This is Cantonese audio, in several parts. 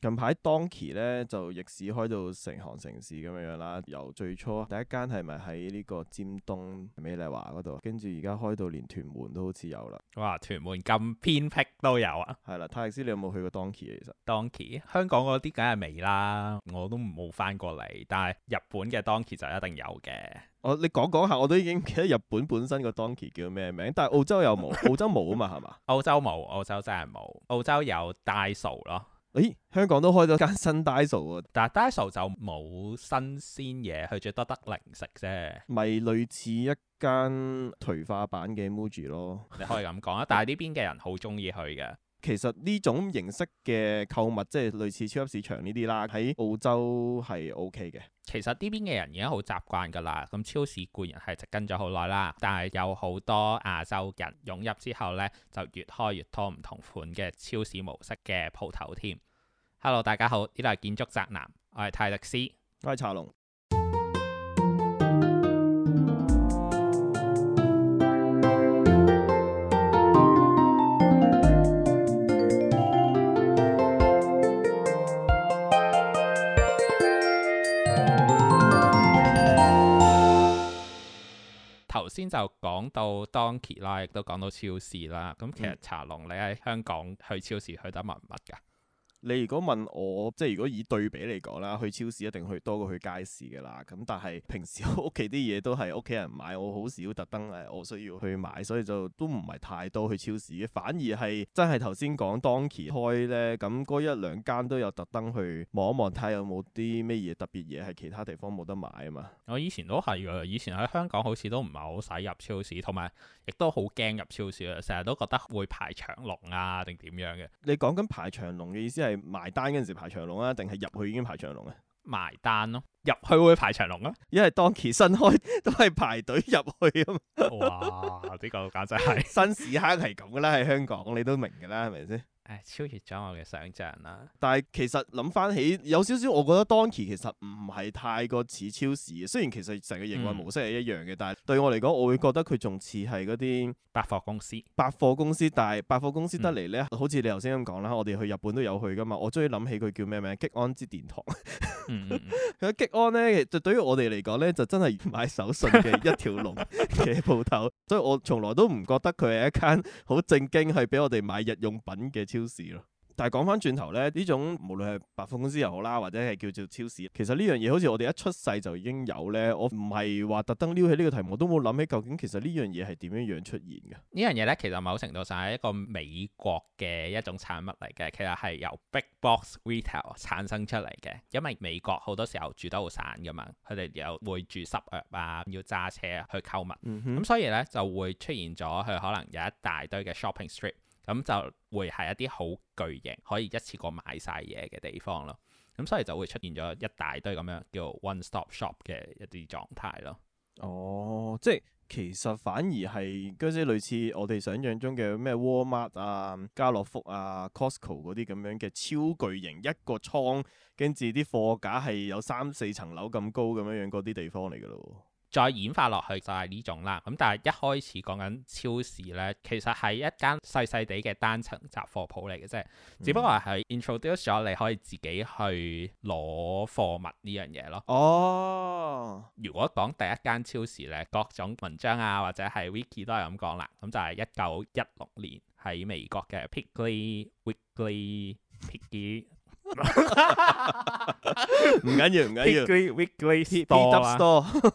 近排 Donkey 咧，就逆市開到成行城市咁樣樣啦，由最初第一間係咪喺呢個尖東美麗華嗰度，跟住而家開到連屯門都好似有啦。哇！屯門咁偏僻都有啊？係啦，泰斯，你有冇去過 Donkey 啊？其實 Donkey 香港嗰啲梗係未啦，我都冇翻過嚟。但係日本嘅 Donkey 就一定有嘅。我、哦、你講講下，我都已經記得日本本身個 Donkey 叫咩名。但係澳洲有冇？ 澳洲冇啊嘛，係嘛？澳洲冇，澳洲真係冇。 澳洲有大 a i 咯。誒、哎，香港都開咗間新 Daiso 喎，但係 Daiso 就冇新鮮嘢，佢最多得零食啫。咪類似一間頹化版嘅 Muji 咯，你可以咁講啊。 但係呢邊嘅人好中意去嘅。其實呢種形式嘅購物，即係類似超級市場呢啲啦，喺澳洲係 OK 嘅。其實呢邊嘅人已經好習慣㗎啦，咁超市固然係跟咗好耐啦，但係有好多亞洲人湧入之後呢，就越開越多唔同款嘅超市模式嘅鋪頭添。Hello，大家好，呢度係建築宅男，我係泰迪斯，我係茶龍。頭先就講到 Donki 啦，亦都講到超市啦。咁其實茶龍，你喺香港去超市去得密唔密㗎？你如果問我，即係如果以對比嚟講啦，去超市一定去多過去街市嘅啦。咁但係平時屋企啲嘢都係屋企人買，我好少特登誒，我需要去買，所以就都唔係太多去超市嘅。反而係真係頭先講 Donki 開咧，咁嗰一兩間都有特登去望一望，睇有冇啲咩嘢特別嘢係其他地方冇得買啊嘛。我以前都係嘅，以前喺香港好似都唔係好使入超市，同埋亦都好驚入超市啊，成日都覺得會排長龍啊定點樣嘅。你講緊排長龍嘅意思係？係埋單嗰陣時排長龍啊，定係入去已經排長龍啊？埋單咯，入去會排長龍啊？因為 Donki 新開都係排隊入去啊嘛。 哇，呢、這個簡直係新屎坑係咁噶啦，喺香港你都明噶啦，係咪先？超越咗我嘅想像啦！但係其實諗翻起有少少，我覺得 Donki 其實唔係太過似超市嘅。雖然其實成個營運模式係一樣嘅，嗯、但係對我嚟講，我會覺得佢仲似係嗰啲百貨公司。百貨公司，但係百貨公司得嚟呢，嗯、好似你頭先咁講啦，我哋去日本都有去噶嘛。我終於諗起佢叫咩名？激安之殿堂。佢 激、嗯、 安呢，就對於我哋嚟講呢，就真係買手信嘅一條龍嘅鋪頭，所以我從來都唔覺得佢係一間好正經係俾我哋買日用品嘅超。超市咯，但係講翻轉頭咧，呢種無論係百貨公司又好啦，或者係叫做超市，其實呢樣嘢好似我哋一出世就已經有咧。我唔係話特登撩起呢個題目，我都冇諗起究竟其實呢樣嘢係點樣樣出現嘅。樣呢樣嘢咧，其實某程度上係一個美國嘅一種產物嚟嘅，其實係由 big box retail 產生出嚟嘅。因為美國好多時候住得好散噶嘛，佢哋又會住濕約啊，要揸車、啊、去購物，咁、嗯哼嗯、所以咧就會出現咗佢可能有一大堆嘅 shopping street。咁就會係一啲好巨型，可以一次過買晒嘢嘅地方咯。咁所以就會出現咗一大堆咁樣叫 one-stop shop 嘅一啲狀態咯。哦，即係其實反而係嗰啲類似我哋想象中嘅咩 Walmart 啊、家樂福啊、Costco 嗰啲咁樣嘅超巨型一個倉，跟住啲貨架係有三四層樓咁高咁樣樣嗰啲地方嚟㗎咯。再演化落去就係呢種啦，咁但係一開始講緊超市呢，其實係一間細細地嘅單層雜貨鋪嚟嘅啫，嗯、只不過係 introduce 咗你可以自己去攞貨物呢樣嘢咯。哦，如果講第一間超市呢，各種文章啊或者係 wiki 都係咁講啦，咁就係一九一六年喺美國嘅 Piggly Wiggly Piggy 唔緊要，唔緊要。We Grace Eat The Top Store。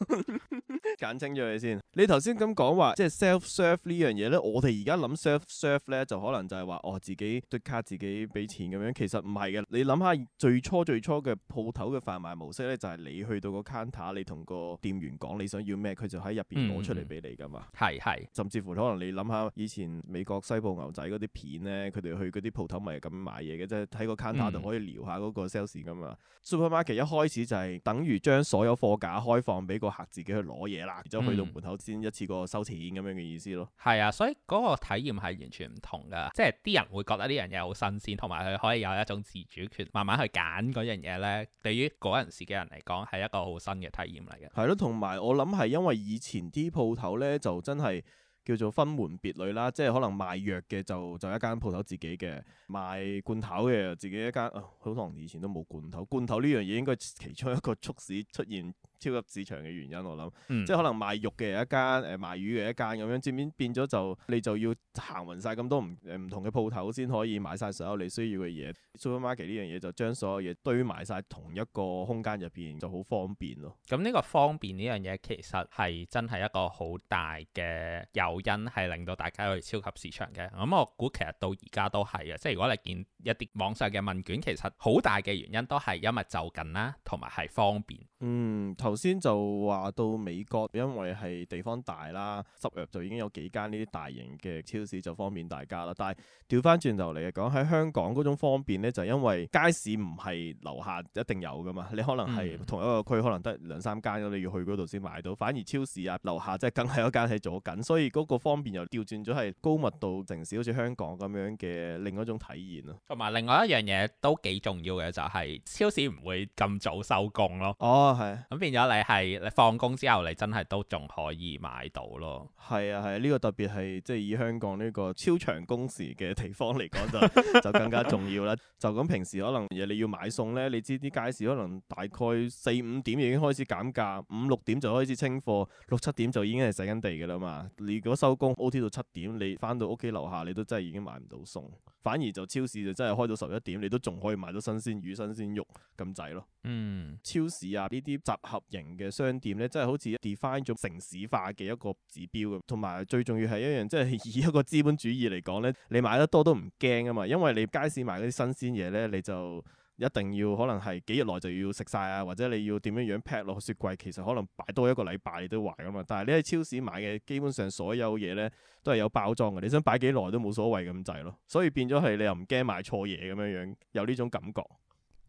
簡稱咗佢先。你頭先咁講話，即係 self serve 呢樣嘢咧。我哋而家諗 self serve 咧，就可能就係話哦，自己卡自己俾錢咁樣。其實唔係嘅。你諗下最初最初嘅鋪頭嘅販賣模式咧，就係、是、你去到個 counter，你同個店員講你想要咩，佢就喺入邊攞出嚟俾你噶嘛。係係、嗯。甚至乎可能你諗下以前美國西部牛仔嗰啲片咧，佢哋去嗰啲鋪頭咪咁買嘢嘅即啫，睇、就是、個 counter 度可以、嗯。嗯聊下嗰個 sales 噶嘛，supermarket 一開始就係等於將所有貨架開放俾個客自己去攞嘢啦，然之後去到門口先一次過收錢咁樣嘅意思咯。係啊，所以嗰個體驗係完全唔同噶，即係啲人會覺得呢樣嘢好新鮮，同埋佢可以有一種自主權，慢慢去揀嗰樣嘢咧。對於嗰陣時嘅人嚟講，係一個好新嘅體驗嚟嘅。係咯，同埋我諗係因為以前啲鋪頭咧就真係。叫做分門別類啦，即係可能賣藥嘅就就一間鋪頭自己嘅，賣罐頭嘅自己一間，好、哦、多以前都冇罐頭，罐頭呢樣嘢應該係其中一個促使出現。超級市場嘅原因，我諗，嗯、即係可能賣肉嘅一間，誒、呃、賣魚嘅一間咁樣，漸漸變咗就你就要行勻晒咁多唔誒唔同嘅鋪頭先可以買晒所有你需要嘅嘢。Supermarket 呢樣嘢就將所有嘢堆埋晒同一個空間入邊，就好方便咯。咁呢個方便呢樣嘢其實係真係一個好大嘅誘因，係令到大家去超級市場嘅。咁我估其實到而家都係嘅，即係如果你見一啲網上嘅問卷，其實好大嘅原因都係因為就近啦，同埋係方便。嗯。首先就話到美國，因為係地方大啦 Suburb 就已經有幾間呢啲大型嘅超市，就方便大家啦。但係調翻轉頭嚟講，喺香港嗰種方便呢，就係、因為街市唔係樓下一定有噶嘛，你可能係同一個區，可能得兩三間，你要去嗰度先買到。反而超市啊，樓下即係更係一間係左緊，所以嗰個方便又調轉咗係高密度城市，好似香港咁樣嘅另外一種體驗咯。同埋另外一樣嘢都幾重要嘅，就係、係、超市唔會咁早收工咯。哦，係而家你係你放工之後，你真係都仲可以買到咯、啊。係啊係，呢、呢個特別係即係以香港呢個超長工時嘅地方嚟講就，就 就更加重要啦。就咁平時可能嘢你要買餸咧，你知啲街市可能大概四五點已經開始減價，五六點就開始清貨，六七點就已經係洗緊地㗎啦嘛。你如果收工 O.T. 到七點，你返到屋企樓下，你都真係已經買唔到餸，反而就超市就真係開到十一點，你都仲可以買到新鮮魚、新鮮肉咁滯咯。嗯，超市啊呢啲集合。型嘅商店呢，真係好似 define 咗城市化嘅一個指標。同埋最重要係一樣，即係以一個資本主義嚟講呢，你買得多都唔驚啊嘛。因為你街市買嗰啲新鮮嘢呢，你就一定要可能係幾日內就要食晒啊，或者你要點樣樣劈落雪櫃，其實可能擺多一個禮拜你都壞㗎嘛。但係你喺超市買嘅，基本上所有嘢呢，都係有包裝嘅，你想擺幾耐都冇所謂咁滯咯。所以變咗係你又唔驚買錯嘢咁樣樣，有呢種感覺。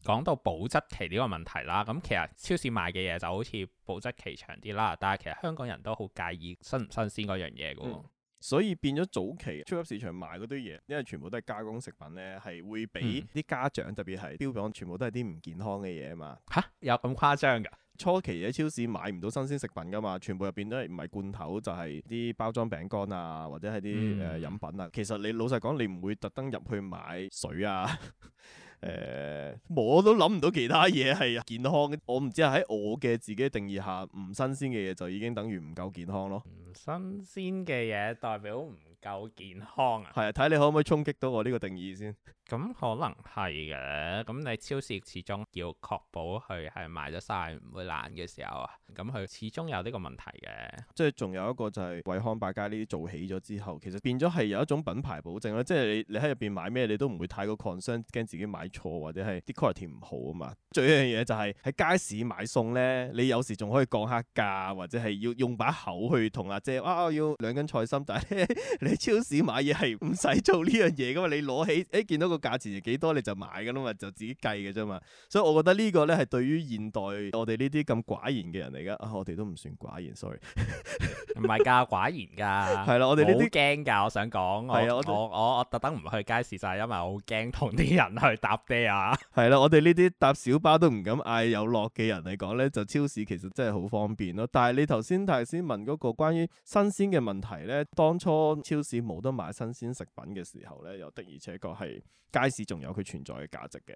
講到保質期呢個問題啦，咁其實超市賣嘅嘢就好似保質期長啲啦，但係其實香港人都好介意新唔新鮮嗰樣嘢噶喎，所以變咗早期超級市場賣嗰堆嘢，因為全部都係加工食品咧，係會俾啲家長、嗯、特別係標榜，全部都係啲唔健康嘅嘢啊嘛。吓，有咁誇張噶？初期喺超市買唔到新鮮食品噶嘛，全部入邊都係唔係罐頭就係、是、啲包裝餅乾啊，或者係啲誒飲品啊。嗯、其實你老實講，你唔會特登入去買水啊。 誒、欸，我都諗唔到其他嘢係健康。我唔知喺我嘅自己定義下，唔新鮮嘅嘢就已經等於唔夠健康咯。唔新鮮嘅嘢代表唔夠健康啊？係啊，睇你可唔可以衝擊到我呢個定義先。咁可能係嘅，咁你超市始終要確保佢係賣咗晒唔會爛嘅時候啊，咁佢始終有呢個問題嘅。即係仲有一個就係惠康百佳呢啲做起咗之後，其實變咗係有一種品牌保證啦。即係你你喺入邊買咩，你都唔會太過 concern，驚自己買錯或者係啲 quality 唔好啊嘛。最一樣嘢就係、是、喺街市買餸咧，你有時仲可以降下價或者係要用把口去同阿姐，哇要兩斤菜心，但係 你超市買嘢係唔使做呢樣嘢噶嘛，你攞起誒、哎、見到、那個。價錢又幾多你就買噶啦嘛，就自己計嘅啫嘛，所以我覺得呢個呢係對於現代我哋呢啲咁寡言嘅人嚟噶，啊我哋都唔算寡言，sorry，唔係噶，寡言噶，係咯， 我哋呢啲驚噶，我想講，我、啊、我我我特登唔去街市就係因為我好驚同啲人去搭爹啊，係 啦，我哋呢啲搭小巴都唔敢嗌有落嘅人嚟講呢。就超市其實真係好方便咯，但係你頭先頭先問嗰個關於新鮮嘅問題呢，當初超市冇得買新鮮食品嘅時候呢，又的而且確係。街市仲有佢存在嘅價值嘅，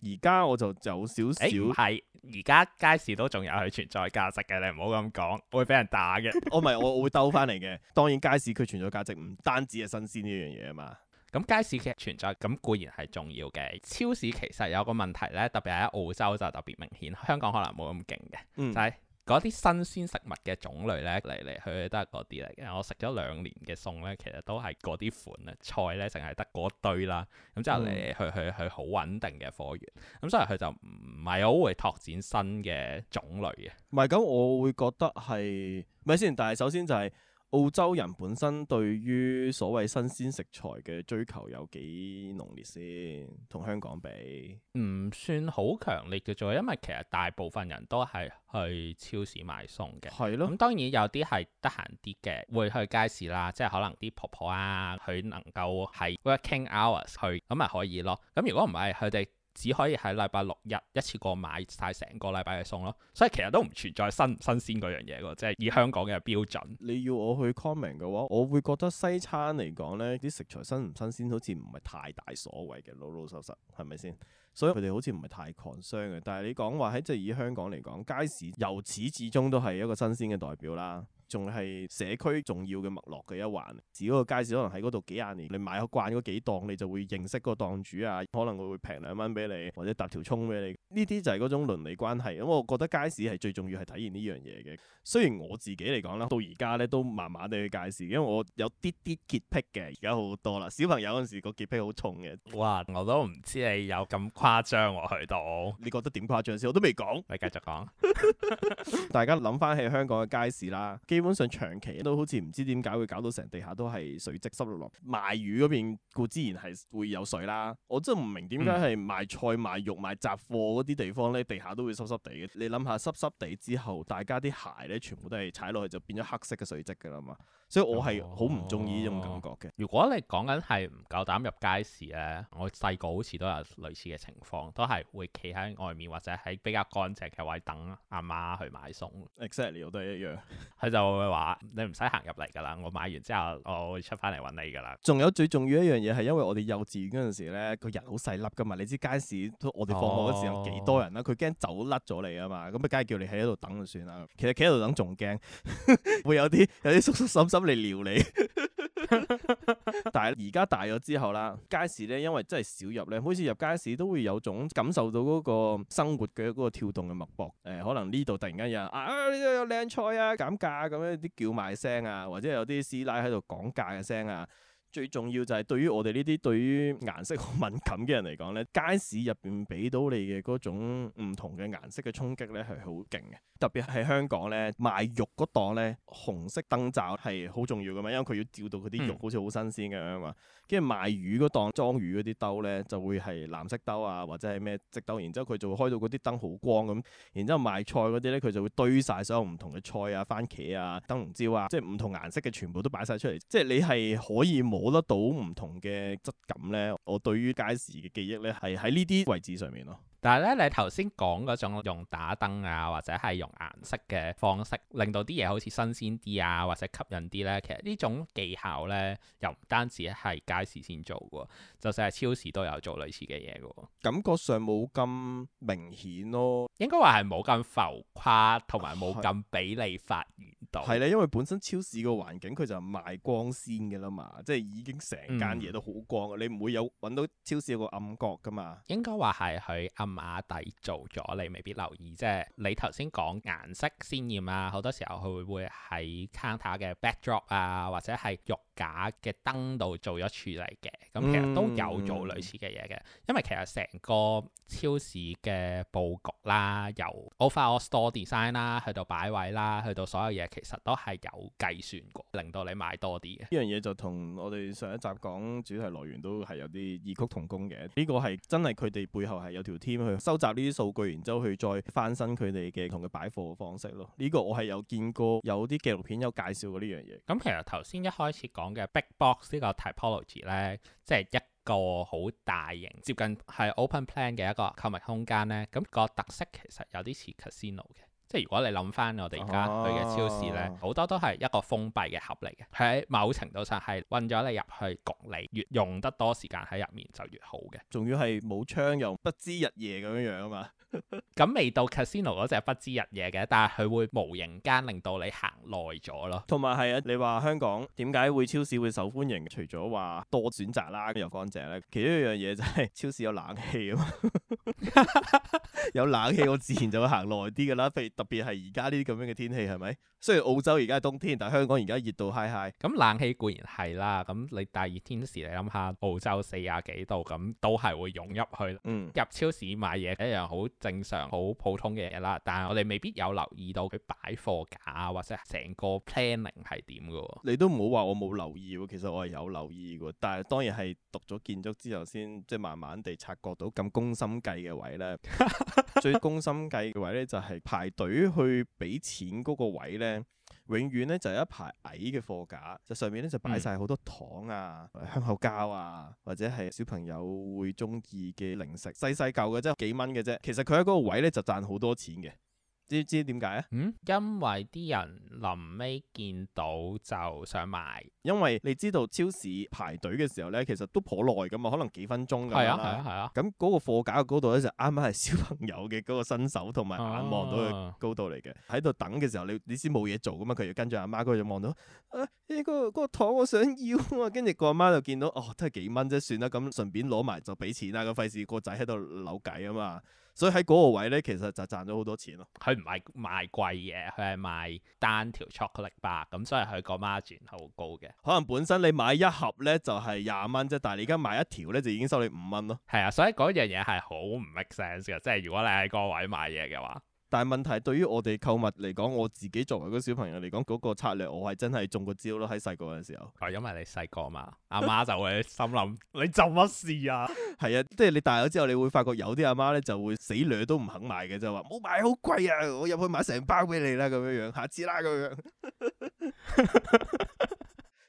而家我就有少少係，而家、欸、街市都仲有佢存在價值嘅，你唔好咁講，會俾人打嘅，我唔係我我會兜翻嚟嘅。當然街市佢存在價值唔單止係新鮮呢樣嘢啊嘛，咁街市嘅存在咁固然係重要嘅。超市其實有個問題咧，特別係喺澳洲就特別明顯，香港可能冇咁勁嘅，嗯、就係、是。嗰啲新鮮食物嘅種類呢，嚟嚟去去都係嗰啲嚟嘅，我食咗兩年嘅餸呢，其實都係嗰啲款呢，菜呢，淨係得嗰堆啦。咁之後嚟嚟、嗯、去去去好穩定嘅貨源，咁、嗯、所以佢就唔係好會拓展新嘅種類嘅。唔係咁，我會覺得係咪先？但係首先就係、是。澳洲人本身對於所謂新鮮食材嘅追求有幾濃烈先，同香港比，唔算好強烈嘅啫。因為其實大部分人都係去超市買餸嘅，係咯。咁當然有啲係得閒啲嘅，會去街市啦，即係可能啲婆婆啊，佢能夠係 working hours 去，咁咪可以咯。咁如果唔係，佢哋只可以喺禮拜六日一次過買晒成個禮拜嘅餸咯，所以其實都唔存在新唔新鮮嗰樣嘢嘅，即係以香港嘅標準。你要我去 comment 嘅話，我會覺得西餐嚟講呢啲食材新唔新鮮好似唔係太大所謂嘅，老老實實係咪先？所以佢哋好似唔係太狂商嘅。但係你講話喺即係以香港嚟講，街市由始至終都係一個新鮮嘅代表啦。仲係社區重要嘅脈絡嘅一環。如果個街市可能喺嗰度幾廿年，你買慣嗰幾檔，你就會認識個檔主啊，可能佢會平兩蚊俾你，或者搭條葱俾你。呢啲就係嗰種鄰里關係。因、嗯、為我覺得街市係最重要係體現呢樣嘢嘅。雖然我自己嚟講啦，到而家咧都麻麻地去街市，因為我有啲啲潔癖嘅，而家好多啦。小朋友嗰陣時個潔癖好重嘅。哇！我都唔知你有咁誇張、啊、 我去到。你覺得點誇張先？我都未講。你繼續講。 大家諗翻起香港嘅街市啦。基本上長期都好似唔知點解會搞到成地下都係水漬濕漉漉賣魚嗰邊固之然係會有水啦。我真係唔明點解係賣菜、嗯、賣肉賣雜貨嗰啲地方咧，地下都會濕濕地嘅。你諗下濕濕地之後大家啲鞋咧全部都係踩落去就變咗黑色嘅水漬噶啦嘛。所以我係好唔中意呢種感覺嘅、哦哦。如果你講緊係唔夠膽入街市咧，我細個好似都有類似嘅情況，都係會企喺外面或者喺比較乾淨嘅位等阿媽去買餸。Exactly，我都一樣。佢就～我會話你唔使行入嚟噶啦，我買完之後我會出翻嚟搵你噶啦。仲有最重要一樣嘢係，因為我哋幼稚園嗰陣時咧，個人好細粒噶嘛，你知街市我哋放學嗰時有幾多人啦，佢驚走甩咗你啊嘛，咁咪梗係叫你喺度等就算啦。其實企喺度等仲驚 會有啲有啲叔叔嬸嬸嚟撩你。 但係而家大咗之後啦，街市咧，因為真係少入咧，每次入街市都會有種感受到嗰個生活嘅一個跳動嘅脈搏。誒、呃，可能呢度突然間有人啊，啊，呢度有靚菜啊，減價咁樣啲叫賣聲啊，或者有啲師奶喺度講價嘅聲啊。最重要就係對於我哋呢啲對於顏色好敏感嘅人嚟講咧，街市入邊俾到你嘅嗰種唔同嘅顏色嘅衝擊咧，係好勁嘅，特別喺香港咧，賣肉嗰檔咧，紅色燈罩係好重要㗎嘛，因為佢要照到佢啲肉好似好新鮮咁樣嘛。嗯跟住賣魚嗰檔裝魚嗰啲兜咧，就會係藍色兜啊，或者係咩織兜，然之後佢就會開到嗰啲燈好光咁。然之後賣菜嗰啲咧，佢就會堆晒所有唔同嘅菜啊、番茄啊、燈籠椒啊，即係唔同顏色嘅全部都擺晒出嚟，即係你係可以摸得到唔同嘅質感咧。我對於街市嘅記憶咧，係喺呢啲位置上面咯。但係咧，你頭先講嗰種用打燈啊，或者係用顏色嘅方式，令到啲嘢好似新鮮啲啊，或者吸引啲咧，其實呢種技巧咧，又唔單止係街市先做嘅，就算係超市都有做類似嘅嘢嘅。感覺上冇咁明顯咯，應該話係冇咁浮誇，同埋冇咁俾你發現到。係咧，因為本身超市個環境佢就賣光鮮嘅啦嘛，即係已經成間嘢都好光，嗯、你唔會有揾到超市有個暗角噶嘛。應該話係佢暗。馬底做咗，你未必留意。即係你頭先講顏色鮮艷啊，好多時候佢會喺 counter 嘅 backdrop 啊，或者係肉。假嘅燈度做咗處理嘅，咁、嗯嗯、其實都有做類似嘅嘢嘅，因為其實成個超市嘅布局啦，由 overall store design 啦，去到擺位啦，去到所有嘢，其實都係有計算過，令到你買多啲嘅。呢樣嘢就同我哋上一集講主題樂園都係有啲異曲同工嘅。呢、這個係真係佢哋背後係有條 team 去收集呢啲數據，然之後去再翻新佢哋嘅同佢擺貨嘅方式咯。呢、這個我係有見過有啲紀錄片有介紹過呢樣嘢。咁其實頭先一開始講。講嘅 Big Box 呢個 typology 咧，即係一個好大型、接近係 open plan 嘅一個購物空間咧，咁個特色其實有啲似 casino 嘅。即係如果你諗翻我哋而家去嘅超市咧，好、啊、多都係一個封閉嘅盒嚟嘅，喺某程度上係困咗你入去焗你，越用得多時間喺入面就越好嘅。仲要係冇窗又不知日夜咁樣樣啊嘛。咁 未到 casino 嗰隻不知日夜嘅，但係佢會無形間令到你行耐咗咯。同埋係啊，你話香港點解會超市會受歡迎？除咗話多選擇啦又乾淨咧，其中一樣嘢就係超市有冷氣啊嘛。有冷氣我自然就會行耐啲㗎啦，譬如。特別係而家呢啲咁樣嘅天氣係咪？是雖然澳洲而家係冬天，但香港而家熱到嗨嗨。咁冷氣固然係啦，咁你大熱天時你諗下，澳洲四十幾度，咁都係會湧入去。嗯。入超市買嘢一樣好正常、好普通嘅嘢啦，但係我哋未必有留意到佢擺貨架或者成個 planning 係點㗎。你都唔好話我冇留意喎，其實我係有留意嘅，但係當然係讀咗建築之後先，即係慢慢地察覺到咁宮心計嘅位咧。 最宮心計嘅位咧就係、是、排隊去俾錢嗰個位咧。永遠咧就有一排矮嘅貨架，就上面咧就擺晒好多糖啊、香口膠啊，或者係小朋友會中意嘅零食，細細嚿嘅啫，幾蚊嘅啫。其實佢喺嗰個位咧就賺好多錢嘅。知知點解啊？嗯，因為啲人臨尾見到就想買，因為你知道超市排隊嘅時候咧，其實都頗耐噶嘛，可能幾分鐘噶啦。係啊係啊。咁嗰、啊啊啊、個貨架嘅高度咧，就啱啱係小朋友嘅嗰個伸手同埋眼望到嘅高度嚟嘅。喺度、啊、等嘅時候，你你先冇嘢做噶嘛，佢就跟住阿媽，佢就望到啊，呢、嗰個嗰、嗰個糖我想要啊，跟 住個阿媽就見到哦，都係幾蚊啫，算啦，咁順便攞埋就俾錢啦，咁費事個仔喺度扭計啊嘛。所以喺嗰個位咧，其實就賺咗好多錢咯。佢唔係賣貴嘢，佢係賣單條 chocolate bar，咁所以佢個 margin 係好高嘅。可能本身你買一盒咧就係廿蚊啫，但係你而家買一條咧就已經收你五蚊咯。係啊，所以嗰樣嘢係好唔 make sense 嘅，即係如果你喺嗰個位買嘢嘅話。但係問題對於我哋購物嚟講，我自己作為個小朋友嚟講，嗰個策略我係真係中個招咯。喺細個嘅時候，因為你細個嘛，阿媽就會心諗 你做乜事啊？係啊，即係你大咗之後，你會發覺有啲阿媽咧就會死掠都唔肯買嘅，就話冇買好貴啊，我入去買成包俾你啦，咁樣樣，下次啦，咁樣。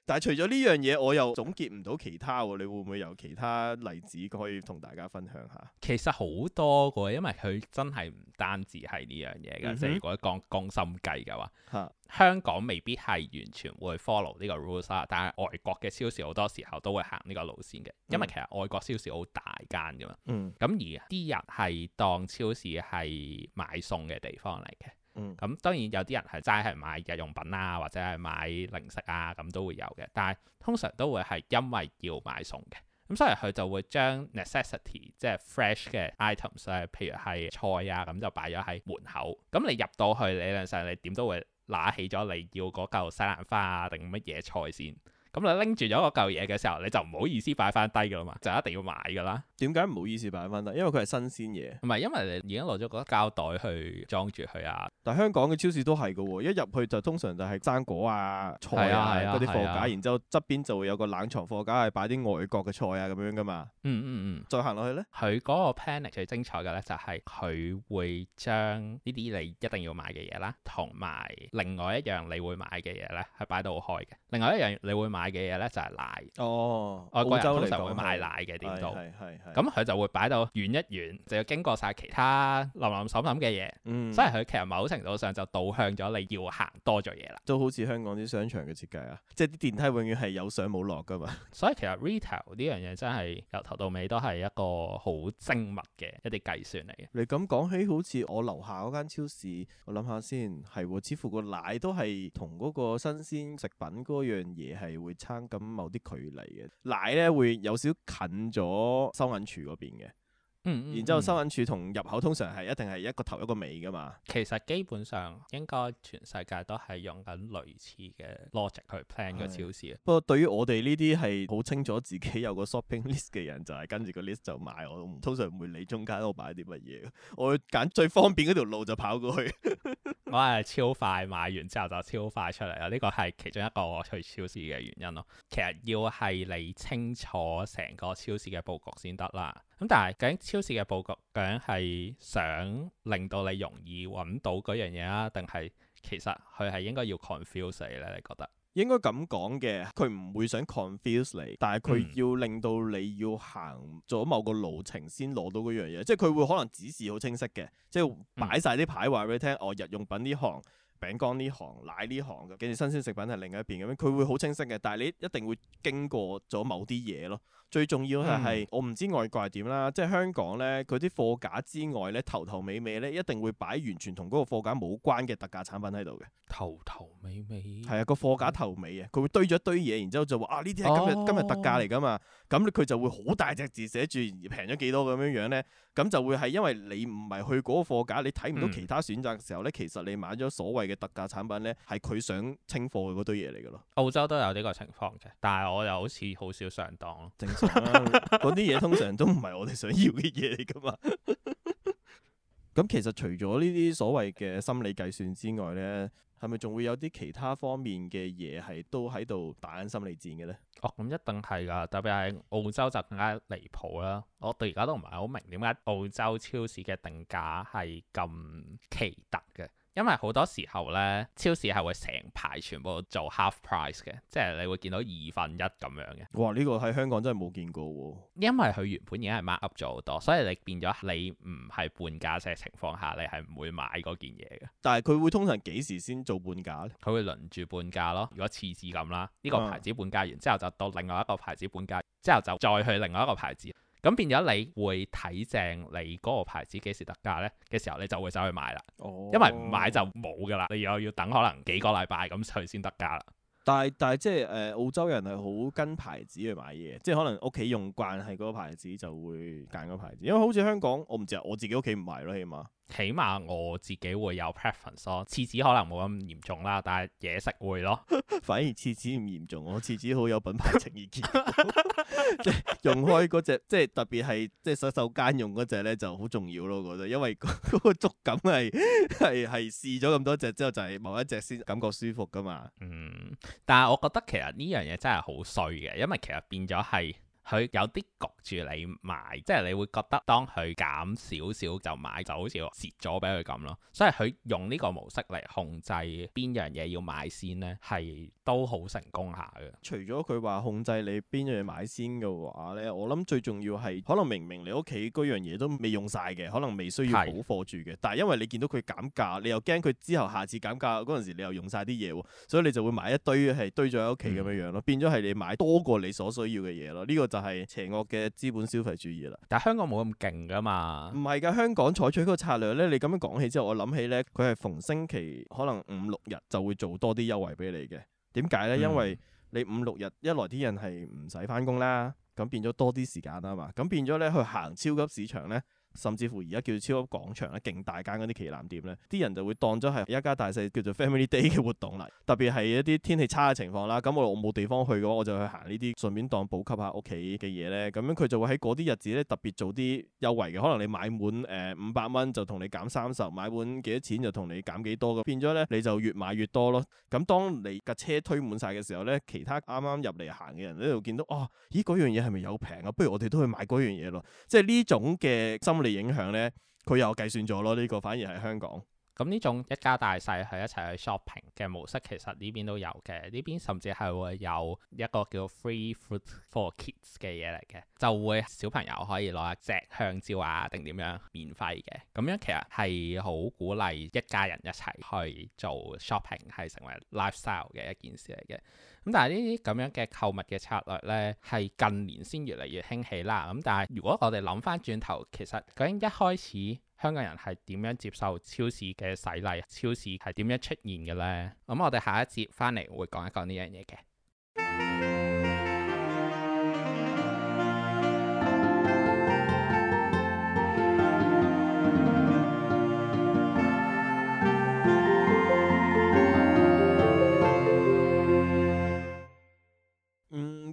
但係除咗呢樣嘢，我又總結唔到其他喎。你會唔會有其他例子可以同大家分享下？其實好多喎，因為佢真係唔單止係呢樣嘢嘅。嗯、哼即係如果講宮心計嘅話，哈香港未必係完全會 follow 呢個 rules 啦，但係外國嘅超市好多時候都會行呢個路線嘅，因為其實外國超市好大間㗎嘛。嗯，咁而啲人係當超市係買餸嘅地方嚟嘅。咁，嗯，當然有啲人係齋係買日用品啊，或者係買零食啊，咁都會有嘅。但係通常都會係因為要買餸嘅，咁所以佢就會將 necessity，即係 fresh 嘅 items，譬如係菜啊，咁就擺咗喺門口。咁你入到去理論上，你點都會拿起咗你要嗰嚿西蘭花啊定乜嘢菜先？咁你拎住咗嗰嚿嘢嘅時候，你就唔好意思擺翻低噶啦嘛，就一定要買噶啦。點解唔好意思擺翻低？因為佢係新鮮嘢，唔係因為你已經攞咗個膠袋去裝住佢啊。但香港嘅超市都係嘅喎，一入去就係、通常就係生果啊、菜啊嗰啲、啊啊、貨架，啊啊、然之後側邊就會有個冷藏貨架係擺啲外國嘅菜啊咁樣噶嘛。嗯嗯嗯。再行落去咧，佢嗰個 planning 最精彩嘅咧就係佢會將呢啲你一定要買嘅嘢啦，同埋另外一樣你會買嘅嘢咧，係擺到開嘅。另外一樣你會買嘅嘢咧就係、是、奶哦，外國人通常會買奶嘅店度，係咁佢就會擺到遠一遠，就要經過晒其他林林審審嘅嘢，嗯、所以佢其實某程度上就倒向咗你要行多咗嘢啦。都好似香港啲商場嘅設計啊，即係啲電梯永遠係有上冇落噶嘛。 所以其實 retail 呢樣嘢真係由頭到尾都係一個好精密嘅一啲計算嚟嘅。你咁講起好似我樓下嗰間超市，我諗下先係，似乎個奶都係同嗰個新鮮食品嗰樣嘢係會。撐咁某啲距離嘅奶咧會有少少近咗收銀處嗰邊嘅，嗯，嗯，嗯、然之後收銀處同入口通常係一定係一個頭一個尾噶嘛。其實基本上應該全世界都係用緊類似嘅 logic 去 plan 個超市。不過對於我哋呢啲係好清楚自己有個 shopping list 嘅人、就係，就係跟住個 list 就買，我唔通常唔會理中間度擺啲乜嘢，我會揀最方便嗰條路就跑過去。 超快買完之後就超快出嚟啦！呢個係其中一個我去超市嘅原因咯。其實要係你清楚成個超市嘅佈局先得啦。咁但係究竟超市嘅佈局究竟係想令到你容易揾到嗰樣嘢啊，定係其實佢係應該要 confuse 你呢？你覺得？應該咁講嘅，佢唔會想 confuse 你，但係佢要令到你要行咗某個路程先攞到嗰樣嘢，嗯、即係佢會可能指示好清晰嘅，即係擺晒啲牌話俾你聽，嗯、哦，日用品呢行、餅乾呢行、奶呢行嘅，跟住新鮮食品係另一邊咁樣，佢會好清晰嘅，但係你一定會經過咗某啲嘢咯。最重要就係、嗯、我唔知外國係點啦，即係香港咧，佢啲貨架之外咧，頭頭尾尾咧一定會擺完全同嗰個貨架冇關嘅特價產品喺度嘅。頭頭尾尾係啊，個貨架頭尾啊，佢會堆咗一堆嘢，然之後就話啊呢啲係今日今日特價嚟㗎嘛，咁佢就會好大隻字寫住平咗幾多咁樣呢樣咧，咁就會係因為你唔係去嗰個貨架，你睇唔到其他選擇嘅時候咧，嗯、其實你買咗所謂嘅特價產品咧，係佢想清貨嘅嗰堆嘢嚟㗎咯。澳洲都有呢個情況嘅，但係我又好似好少上當咯。嗰啲嘢通常都唔係我哋想要嘅嘢嚟噶嘛？咁 其實除咗呢啲所謂嘅心理計算之外呢，係咪仲會有啲其他方面嘅嘢係都喺度打緊心理戰嘅呢？哦，咁一定係噶，特別係澳洲就更加離譜啦。我到而家都唔係好明點解澳洲超市嘅定價係咁奇特嘅。因為好多時候咧，超市係會成排全部做 half price 嘅，即係你會見到二分一咁樣嘅。哇！呢、這個喺香港真係冇見過喎、哦。因為佢原本已經係 mark up 咗好多，所以你變咗你唔係半價嘅情況下，你係唔會買嗰件嘢嘅。但係佢會通常幾時先做半價咧？佢會輪住半價咯。如果次次咁啦，呢、這個牌子半價完之後就到另外一個牌子半價，之後就再去另外一個牌子。咁變咗你會睇正你嗰個牌子幾時特價咧嘅時候，你就會走去買啦。哦、因為唔買就冇㗎啦，你又要等可能幾個禮拜咁佢先得價啦。但係但係即係誒、呃、澳洲人係好跟牌子去買嘢，即係可能屋企用慣係嗰個牌子就會揀嗰牌子，因為好似香港我唔知我自己屋企唔買咯，起碼。起碼我自己會有 preference 咯，廁紙可能冇咁嚴重啦，但係嘢食會咯， 反而廁紙唔嚴重，我廁紙好有品牌情意結， 即係用開嗰隻，即係特別係即係洗手間用嗰隻咧就好重要咯，我覺得因為嗰、那個觸 感係係係試咗咁多隻之後就係、是、某一隻先感覺舒服噶嘛。嗯，但係我覺得其實呢樣嘢真係好衰嘅，因為其實變咗係。佢有啲焗住你買，即係你會覺得當佢減少少就買，就好似蝕咗俾佢咁咯。所以佢用呢個模式嚟控制邊樣嘢要買先咧，係都好成功下嘅。除咗佢話控制你邊樣嘢買先嘅話咧，我諗最重要係可能明明你屋企嗰樣嘢都未用晒嘅，可能未需要補貨住嘅，是的 但係因為你見到佢減價，你又驚佢之後下次減價嗰陣時你又用晒啲嘢喎，所以你就會買一堆係堆咗喺屋企咁樣樣咯，嗯、變咗係你買多過你所需要嘅嘢咯。呢、這個、就，係就係邪惡嘅資本消費主義啦。但香港冇咁勁噶嘛？唔係㗎，香港採取嗰個策略咧。你咁樣講起之後，我諗起咧，佢係逢星期可能五六日就會做多啲優惠俾你嘅。點解咧？嗯、因為你五六日一來，啲人係唔使翻工啦，咁變咗多啲時間啊嘛。咁變咗咧，去行超級市場咧。甚至乎而家叫做超級廣場咧，勁大間嗰啲旗艦店咧，啲人就會當咗係一家大細叫做 Family Day 嘅活動啦。特別係一啲天氣差嘅情況啦，咁我我冇地方去嘅話，我就去行呢啲，順便當補給下屋企嘅嘢咧。咁樣佢就會喺嗰啲日子咧，特別做啲優惠嘅。可能你買滿誒五百蚊就同你減三十，買滿幾多錢就同你減幾多咁，變咗咧你就越買越多咯。咁當你架車推滿曬嘅時候咧，其他啱啱入嚟行嘅人咧就見到，啊、哦、咦嗰樣嘢係咪有平啊？不如我哋都去買嗰樣嘢咯。即係呢種嘅心理。嘅影響咧，佢又計算咗咯，呢、這個反而係香港。咁呢種一家大細去一齊去 shopping 嘅模式，其實呢邊都有嘅。呢邊甚至係會有一個叫 free fruit for kids 嘅嘢嚟嘅，就會小朋友可以攞一隻香蕉啊定點樣免費嘅。咁樣其實係好鼓勵一家人一齊去做 shopping，係成為 lifestyle 嘅一件事嚟嘅。咁但係呢啲咁樣嘅購物嘅策略呢，係近年先越嚟越興起啦。咁但係如果我哋諗翻轉頭，其實究竟一開始。香港人係點樣接受超市嘅洗禮？超市係點樣出現嘅呢？咁我哋下一節翻嚟會講一講呢樣嘢嘅。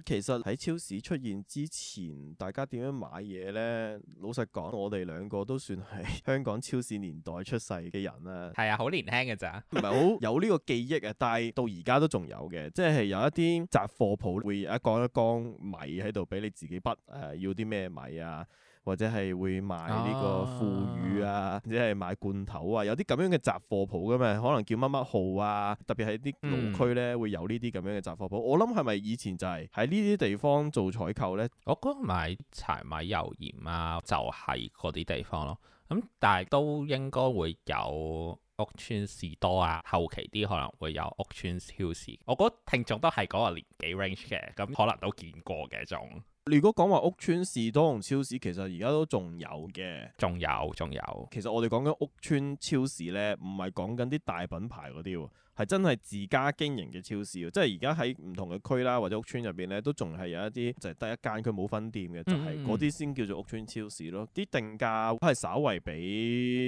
其實喺超市出現之前，大家點樣買嘢呢？老實講，我哋兩個都算係香港超市年代出世嘅人啦。係啊，好年輕㗎咋，唔係好有呢個記憶啊。但係到而家都仲有嘅，即係有一啲雜貨鋪會一缸一缸米喺度俾你自己筆誒、呃，要啲咩米啊？或者係會買呢個腐乳啊，或者係買罐頭啊，有啲咁樣嘅雜貨鋪噶嘛，可能叫乜乜號啊，特別係啲老區咧會有呢啲咁樣嘅雜貨鋪。嗯、我諗係咪以前就係喺呢啲地方做採購咧？我覺得買柴米油鹽啊，就係嗰啲地方咯。咁、嗯、但係都應該會有屋村士多啊，後期啲可能會有屋村超市。我覺得聽眾都係嗰個年紀 range 嘅，咁可能都見過嘅種。如果講話屋村士多同超市，其實而家都仲有嘅，仲有仲有。有其實我哋講緊屋村超市咧，唔係講緊啲大品牌嗰啲喎。係真係自家經營嘅超市，即係而家喺唔同嘅區啦，或者屋村入邊咧，都仲係有一啲就係、是、得一間佢冇分店嘅，就係嗰啲先叫做屋村超市咯。啲、嗯、定價係稍為比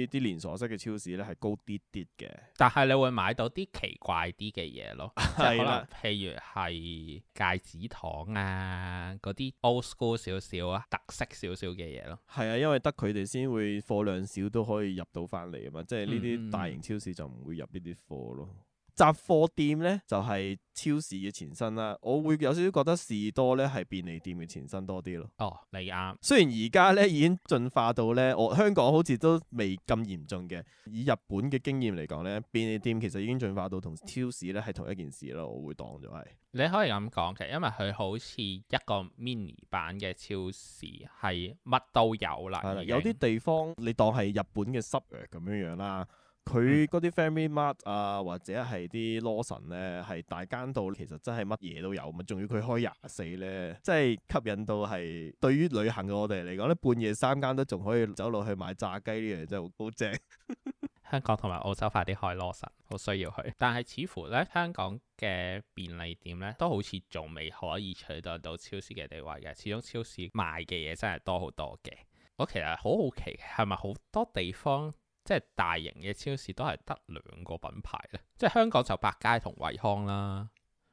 啲連鎖式嘅超市咧係高啲啲嘅。但係你會買到啲奇怪啲嘅嘢咯， 的即係可能譬如係戒指糖啊，嗰啲 old school 少少啊，特色少少嘅嘢咯。係啊，因為得佢哋先會貨量少都可以入到翻嚟啊嘛，即係呢啲大型超市就唔會入呢啲貨咯。嗯 雜貨店呢，就係、是、超市嘅前身啦，我會有少少覺得士多呢係便利店嘅前身多啲咯。哦，你啱。雖然而家呢已經進化到呢，我香港好似都未咁嚴重嘅。以日本嘅經驗嚟講呢，便利店其實已經進化到同超市呢係同一件事咯，我會當咗係。你可以咁講嘅，因為佢好似一個 mini 版嘅超市，係乜都有啦。係啦，有啲地方你當係日本嘅 super 咁樣樣啦。佢嗰啲 family mart 啊，或者係啲 Lawson 咧，係大間度，其實真係乜嘢都有，咪仲要佢開廿四咧，即係吸引到係對於旅行嘅我哋嚟講咧，半夜三更都仲可以走落去買炸雞呢樣，真係好正。香港同埋澳洲快啲開 Lawson，好需要佢。但係似乎咧，香港嘅便利店咧，都好似仲未可以取代到超市嘅地位嘅。始終超市賣嘅嘢真係多好多嘅。我其實好好奇，係咪好多地方？即係大型嘅超市都係得兩個品牌咧，即係香港就百佳同惠康啦，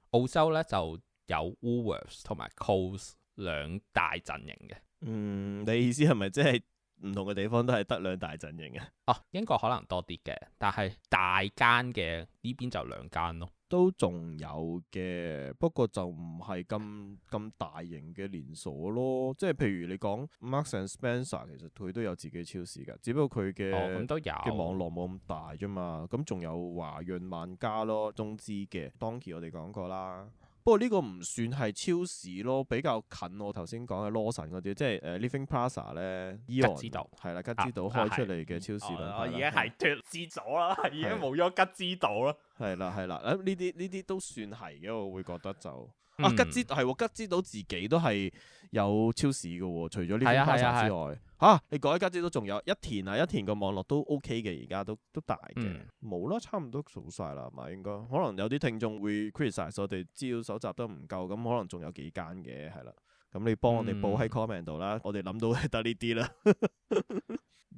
澳洲呢就有 Woolworths 同埋 Coles 兩大陣營嘅。嗯，你意思係咪即係唔同嘅地方都係得兩大陣營嘅？哦、啊，英國可能多啲嘅，但係大間嘅呢邊就兩間咯。都仲有嘅，不過就唔係咁咁大型嘅連鎖咯。即係譬如你講 Marks and Spencer，其實佢都有自己嘅超市㗎，只不過佢嘅嘅網絡冇咁大啫嘛。咁仲有華潤萬家咯，中資嘅 Donkey 我哋講過啦。不過呢個唔算係超市咯，比較近我頭先講嘅 Lawson 嗰啲，即係誒 Living Plaza 咧、e，吉之島係啦，吉之島開出嚟嘅超市啦、啊。而家已經係脫支咗啦，已經冇咗是吉之島啦。係啦係啦，咁呢啲呢啲都算係嘅，我會覺得就啊、嗯、吉之島係吉之島自己都係有超市嘅喎、啊啊，除咗 Living Plaza 之外、嗯。啊！你改一家之都仲有一田啊，一田個網絡都 OK 嘅，而家都都大嘅，冇啦、嗯，差唔多數晒啦，係嘛？應該可能有啲聽眾會 criticize 我哋資料搜集得唔夠，咁可能仲有幾間嘅，係啦。咁你幫我哋報喺 comment 度啦，嗯、我哋諗到得呢啲啦。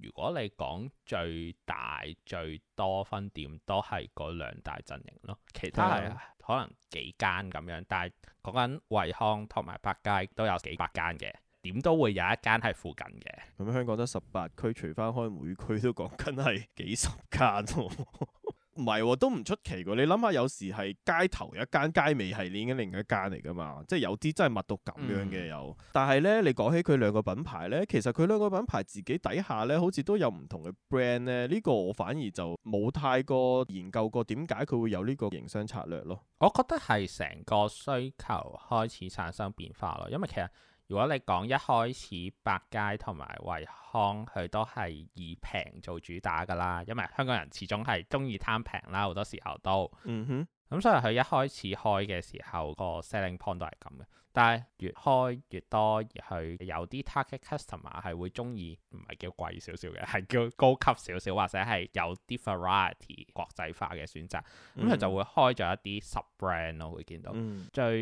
如果你講最大最多分店都係嗰兩大陣營咯，其他係可能幾間咁樣，但係講緊惠康同埋百佳都有幾百間嘅。點都會有一間係附近嘅。咁香港得十八區，除翻開每區都講緊係幾十間、啊 啊，唔係都唔出奇喎。你諗下，有時係街頭一間，街尾係連緊另一間嚟㗎嘛。即係有啲真係密到咁樣嘅有。嗯、但係呢，你講起佢兩個品牌呢，其實佢兩個品牌自己底下呢，好似都有唔同嘅 brand 呢。呢、呢個我反而就冇太過研究過點解佢會有呢個營商策略咯。我覺得係成個需求開始產生變化咯，因為其實。如果你講一開始百佳同埋惠康佢都係以平做主打噶啦，因為香港人始終係中意貪平啦，好多時候都，嗯哼，咁、嗯、所以佢一開始開嘅時候、這個 selling point 都係咁嘅。但係越開越多，佢有啲 target customer 係會中意，唔係叫貴少少嘅，係叫高級少少，或者係有啲 variety 國際化嘅選擇。咁佢、嗯、就會開咗一啲 sub brand 咯，會見到。嗯、最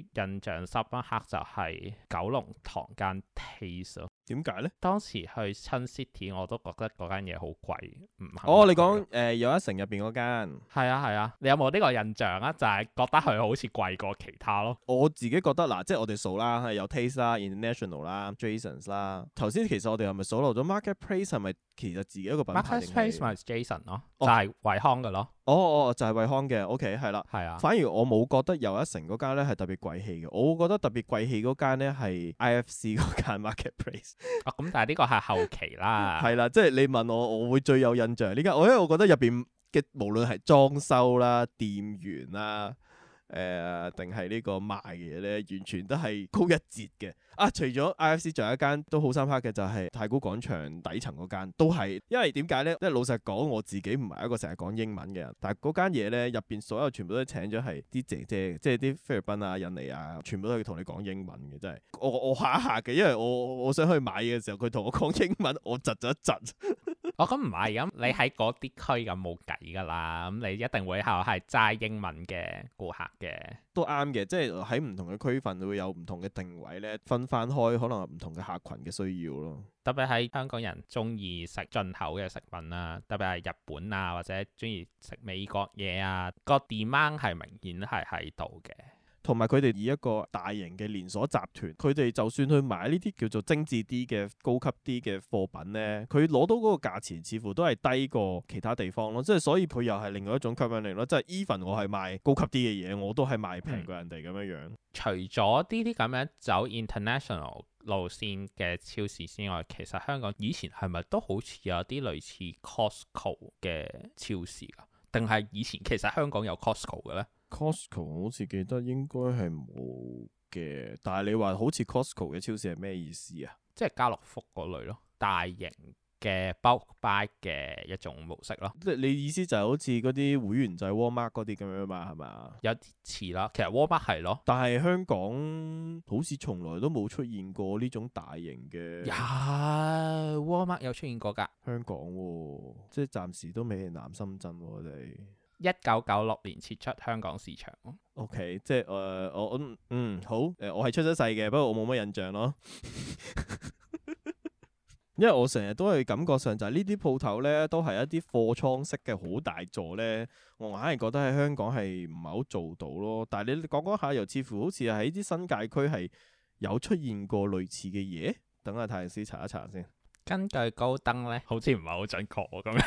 印象深刻就係九龍塘間 Taste 咯。點解呢？當時去親 city 我都覺得嗰間嘢好貴，唔哦你講誒又一城入邊嗰間係啊係啊，啊，你有冇呢個印象啊？就係、是、覺得佢好似貴過其他咯。我自己得嗱、啊，即係我哋數啦，有 Taste 啦，International 啦，Jasons 啦。頭先其實我哋係咪數漏咗 Marketplace 係咪？其實自己一個品牌嚟嘅。Marketplace 咪 Jason 咯，哦、就係惠康嘅咯。哦哦，就係、是、惠康嘅。O K 係啦，係啊。反而我冇覺得又一城嗰間咧係特別貴氣嘅，我會覺得特別貴氣嗰間咧係 I F C 嗰間 Marketplace。咁、 哦、但係呢個係後期啦。係 啦，即係你問我，我會最有印象呢間。我因為我覺得入邊嘅無論係裝修啦、店員啦。誒，定係呢個賣嘅嘢呢，完全都係高一截嘅。啊，除咗 IFC，仲有一間都好深刻嘅，就係太古廣場底層嗰間，都係。因為點解呢？即係老實講，我自己唔係一個成日講英文嘅人，但係嗰間嘢呢，入邊所有全部都請咗係啲姐姐，即係啲菲律賓啊、印尼啊，全部都要同你講英文嘅，真係。我我吓一吓嘅，因為我我想去買嘢嘅時候，佢同我講英文，我窒咗一窒。 哦，咁唔係咁，你喺嗰啲區咁冇計㗎啦，咁你一定會係係齋英文嘅顧客嘅。都啱嘅，即係喺唔同嘅區份會有唔同嘅定位咧，分翻開可能有唔同嘅客群嘅需要咯。特別係香港人中意食進口嘅食品啦，特別係日本啊或者中意食美國嘢啊，個 demand 係明顯係喺度嘅。同埋佢哋以一個大型嘅連鎖集團，佢哋就算去買呢啲叫做精緻啲嘅高級啲嘅貨品呢，佢攞到嗰個價錢，似乎都係低過其他地方咯。即係所以佢又係另外一種吸引力咯。即係 even 我係賣高級啲嘅嘢，我都係賣平過人哋咁樣樣。嗯、除咗呢啲咁樣走 international 路線嘅超市之外，其實香港以前係咪都好似有啲類似 Costco 嘅超市㗎、啊？定係以前其實香港有 Costco 嘅呢？Costco 好似記得應該係冇嘅，但係你話好似 Costco 嘅超市係咩意思啊？即係家樂福嗰類咯，大型嘅 bulk buy 嘅一種模式咯。即係你意思就係好似嗰啲會員制 Walmart 嗰啲咁樣嘛，係咪？有啲似啦，其實 Walmart 係咯，但係香港好似從來都冇出現過呢種大型嘅。呀 w a 係 Walmart 有出現過㗎，yeah, 過香港喎、啊，即係暫時都未南深圳喎、啊，我哋。一九九六年撤出香港市場。O、okay, K，即係、呃、我嗯好我係出咗世嘅，不過我冇乜印象咯。 因為我成日都係感覺上就係呢啲鋪頭呢，都係一啲貨倉式嘅好大座呢。我硬係覺得喺香港係唔係好做到咯。但係你講講下，又似乎好似喺啲新界區係有出現過類似嘅嘢。等下太陽師查一查先。根據高登呢，好似唔係好準確咁樣。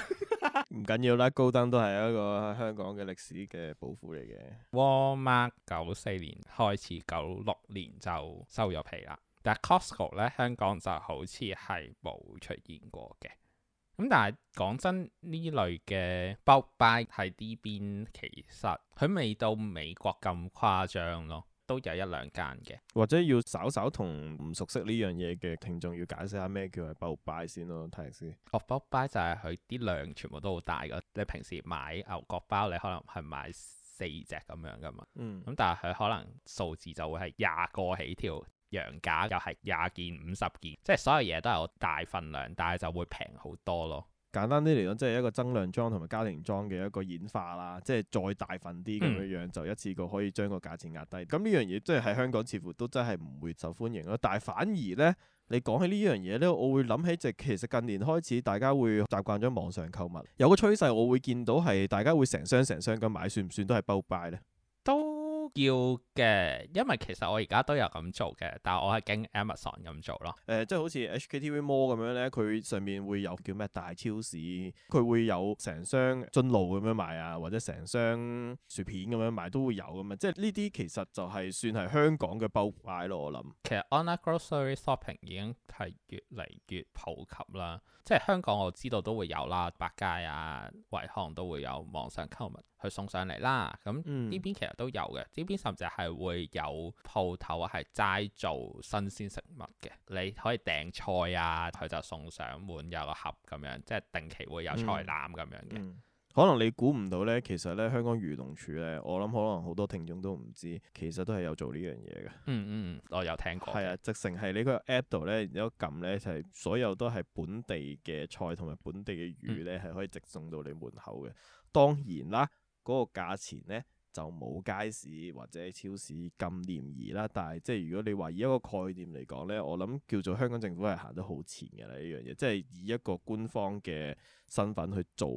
唔緊要啦，高登都係一個香港嘅歷史嘅寶庫嚟嘅。Walmart 九四年開始，九六年就收咗皮啦。但係 Costco 咧，香港就好似係冇出現過嘅。咁、嗯、但係講真，呢類嘅 Big Box 喺呢邊，其實佢未到美國咁誇張咯。都有一兩間嘅，或者要稍稍同唔熟悉呢樣嘢嘅聽眾要解釋下咩叫係 bulk buy 先咯，睇下先。哦，bulk buy 就係佢啲量全部都好大噶。你平時買牛角包，你可能係買四隻咁樣噶嘛。嗯。咁但係佢可能數字就會係廿個起跳，羊架又係廿件、五十件，即係所有嘢都係好大份量，但係就會平好多咯。簡單啲嚟講，即係一個增量裝同埋家庭裝嘅一個演化啦，即係再大份啲咁樣樣，嗯、就一次過可以將個價錢壓低。咁呢、嗯、樣嘢即係喺香港似乎都真係唔會受歡迎咯。但係反而呢，你講起呢樣嘢呢，我會諗起就其實近年開始大家會習慣咗網上購物，有個趨勢，我會見到係大家會成箱成箱咁買，算唔算都係 bulk buy 呢？都。叫嘅，因為其實我而家都有咁做嘅，但係我係經 Amazon 咁做咯。誒、呃，即係好似 HKTV Mall 咁樣咧，佢上面會有叫咩大超市，佢會有成箱進露咁樣買啊，或者成箱薯片咁樣買都會有咁啊。即係呢啲其實就係算係香港嘅 bulk buy 咯。我諗其實 online grocery shopping 已經係越嚟越普及啦。即係香港我知道都會有啦，百佳啊、惠康都會有網上購物。送上嚟啦，咁呢邊其實都有嘅，呢、嗯、邊甚至係會有鋪頭係齋做新鮮食物嘅，你可以訂菜啊，佢就送上門有個盒咁樣，即係定期會有菜籃咁樣嘅、嗯嗯。可能你估唔到呢，其實呢，香港漁農署呢，我諗可能好多聽眾都唔知，其實都係有做呢樣嘢嘅。嗯嗯，我有聽過。係啊，直成係你個 app 度咧，有撳呢，就係、是、所有都係本地嘅菜同埋本地嘅魚呢，係、嗯、可以直送到你門口嘅。當然啦。嗰個價錢呢就冇街市或者超市咁廉宜啦，但係即係如果你話以一個概念嚟講呢，我諗叫做香港政府係行得好前嘅啦，呢樣嘢即係以一個官方嘅身份去做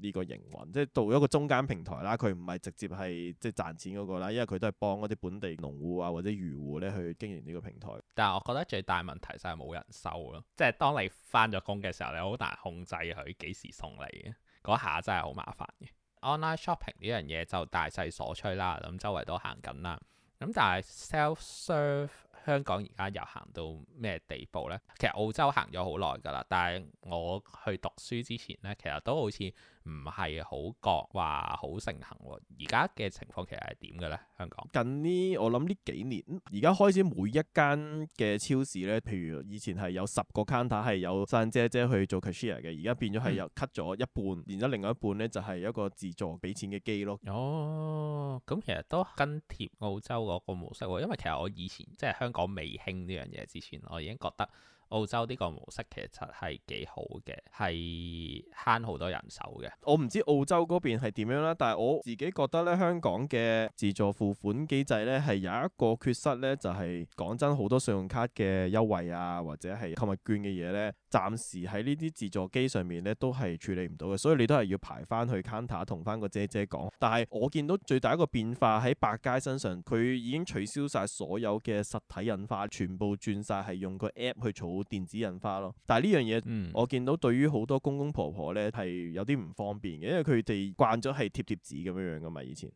呢個營運，即係做一個中間平台啦。佢唔係直接係即係賺錢嗰個啦，因為佢都係幫嗰啲本地農戶啊或者漁戶呢去經營呢個平台。但係我覺得最大問題就係冇人收咯，即係當你翻咗工嘅時候，你好難控制佢幾時送你嘅嗰下真，真係好麻煩嘅。Online shopping 呢樣嘢就大勢所趨啦，咁周圍都行緊啦。咁但係 self serve 香港而家又行到咩地步呢？其實澳洲行咗好耐㗎啦，但係我去讀書之前呢，其實都好似。唔係好覺話好盛行喎，而家嘅情況其實係點嘅咧？香港近呢，我諗呢幾年，而家開始每一間嘅超市咧，譬如以前係有十個 counter 係有收銀姐姐去做 cashier 嘅，而家變咗係有 cut 咗一半，嗯、然之後另外一半咧就係一個自助俾錢嘅機咯。哦，咁其實都跟貼澳洲嗰個模式喎，因為其實我以前即係香港未興呢樣嘢之前，我已經覺得。澳洲呢個模式其實係幾好嘅，係慳好多人手嘅。我唔知澳洲嗰邊係點樣啦，但係我自己覺得咧，香港嘅自助付款機制咧係有一個缺失咧，就係講真好多信用卡嘅優惠啊，或者係購物券嘅嘢咧，暫時喺呢啲自助機上面咧都係處理唔到嘅，所以你都係要排翻去 counter 同翻個姐姐講。但係我見到最大一個變化喺百佳身上，佢已經取消晒所有嘅實體印花，全部轉晒，係用個 app 去儲。冇電子印花咯，但係呢樣嘢我見到對於好多公公婆婆呢係有啲唔方便嘅，因為佢哋慣咗係貼貼紙咁樣樣噶嘛。以前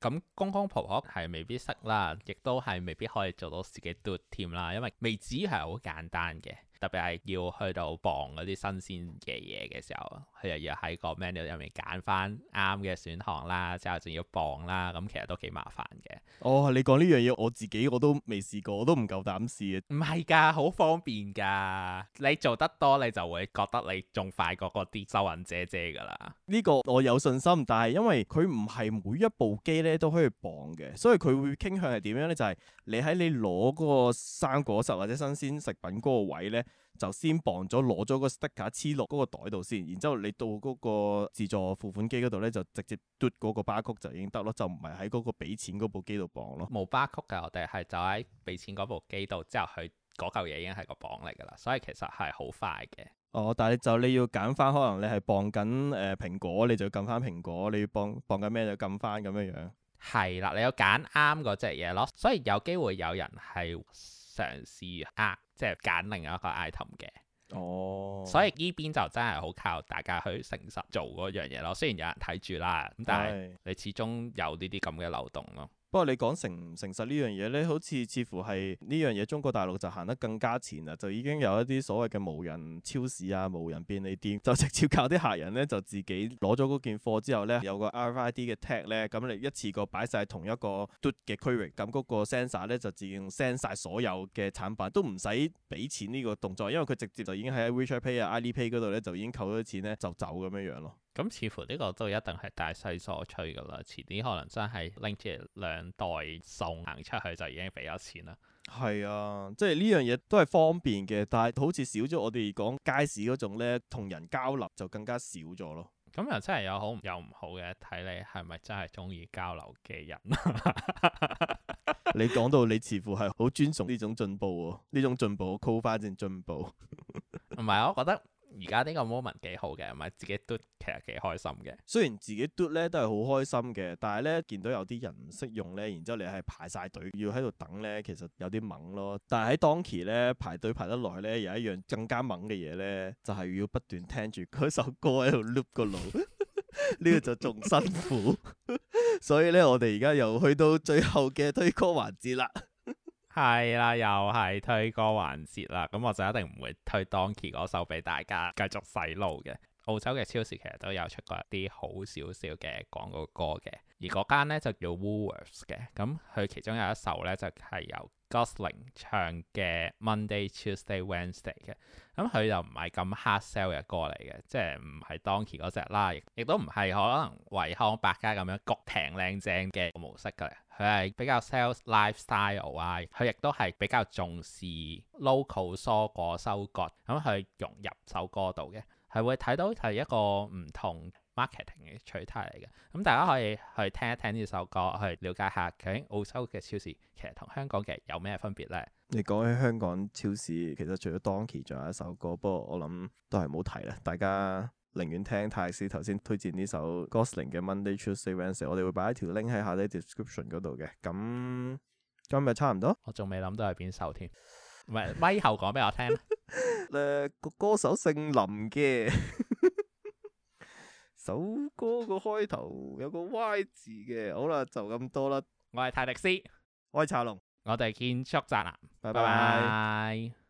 咁、嗯、公公婆婆係未必識啦，亦都係未必可以做到自己貼添啦，因為未紙係好簡單嘅。特別係要去到磅嗰啲新鮮嘅嘢嘅時候，佢又要喺個 menu 入面揀翻啱嘅選項啦，之後仲要磅啦，咁其實都幾麻煩嘅。哦，你講呢樣嘢，我自己我都未試過，我都唔夠膽試。唔係㗎，好方便㗎。你做得多，你就會覺得你仲快過嗰啲收銀姐姐㗎啦。呢個我有信心，但係因為佢唔係每一部機咧都可以磅嘅，所以佢會傾向係點樣咧？就係你喺你攞嗰個生果實或者新鮮食品嗰個位咧。就先綁咗，攞咗個 sticker，黐落嗰個袋度先，然之後你到嗰個自助付款機嗰度咧，就直接嘟嗰個巴曲就已經得咯，就唔係喺嗰個俾錢嗰部機度綁咯。冇巴曲 r 噶，我哋係就喺俾錢嗰部機度之後，佢嗰嚿嘢已經係個綁嚟噶啦，所以其實係好快嘅。哦，但係就你要揀翻，可能你係綁緊誒蘋果，你就要撳翻蘋果，你要綁綁緊咩就撳翻咁樣樣。係啦，你要揀啱嗰隻嘢咯，所以有機會有人係。嘗試呃、啊，即係揀另一個 item 嘅，哦、嗯，所以呢邊就真係好靠大家去誠實做嗰樣嘢咯。雖然有人睇住啦，咁但係你始終有呢啲咁嘅漏洞咯。不過你講誠唔誠實呢樣嘢呢，好似似乎係呢樣嘢中國大陸就行得更加前啊，就已經有一啲所謂嘅無人超市啊、無人便利店，就直接靠啲客人呢，就自己攞咗嗰件貨之後呢，有個 RFID 嘅 tag 呢，咁你一次過擺晒同一個嘟嘅區域，咁嗰個 sensor 呢，就自動 send 晒所有嘅產品，都唔使俾錢呢個動作，因為佢直接就已經喺 WeChat Pay 啊、Ali Pay 嗰度呢，就已經扣咗錢呢，就走咁樣樣咯。咁似乎呢個都一定係大勢所趨噶啦，遲啲可能真係拎住兩袋餸行出去就已經俾咗錢啦。係啊，即係呢樣嘢都係方便嘅，但係好似少咗我哋講街市嗰種咧，同人交流就更加少咗咯。咁又真係有好有唔好嘅，睇你係咪真係中意交流嘅人。 你講到你似乎係好尊重呢種進步喎、啊，呢種進步 call 翻正進步。同 埋、啊、我覺得。而家呢個 moment 幾好嘅，咪自己嘟其實幾開心嘅。雖然自己嘟咧都係好開心嘅，但係咧見到有啲人唔識用咧，然之後你係排晒隊要喺度等咧，其實有啲猛咯。但係喺 Donki 咧排隊排得耐咧，有一樣更加猛嘅嘢咧，就係要不斷聽住嗰首歌喺度 loop 個腦，呢個就仲辛苦。 所以咧，我哋而家又去到最後嘅推歌環節啦。係啦，又係推歌環節啦，咁我就一定唔會推 DONKI 嗰首俾大家繼續洗腦嘅。澳洲嘅超市其實都有出過一啲好少少嘅廣告歌嘅，而嗰間呢就叫 Woolworths 嘅。咁佢其中有一首呢，就係、是、由 Gossling 唱嘅 Monday、Tuesday、Wednesday 嘅。咁佢又唔係咁 hard sell 嘅歌嚟嘅，即係唔係 DONKI 嗰隻啦，亦都唔係可能惠康百佳咁樣割平靚正嘅模式㗎。佢係比較 sell lifestyle 啊，佢亦都係比較重視 local 蔬果收割，咁佢融入首歌度嘅。係會睇到係一個唔同 marketing 嘅取態嚟嘅，咁大家可以去聽一聽呢首歌，去了解下究竟澳洲嘅超市其實同香港嘅有咩分別咧？你講起香港超市，其實除咗 Donkey 仲有一首歌，不過我諗都係唔好提啦。大家寧願聽泰斯頭先推薦呢首 Gossling 嘅 Monday Tuesday Wednesday。我哋會擺一條 link 喺下啲 description 嗰度嘅。咁今日差唔多，我仲未諗到係邊首添。咪係，歪後講俾我聽。誒、 呃，個歌手姓林嘅，首 歌個開頭有個 Y 字嘅。好啦，就咁多啦。我係泰迪斯，我係查龍，我哋見出閘啦。拜拜。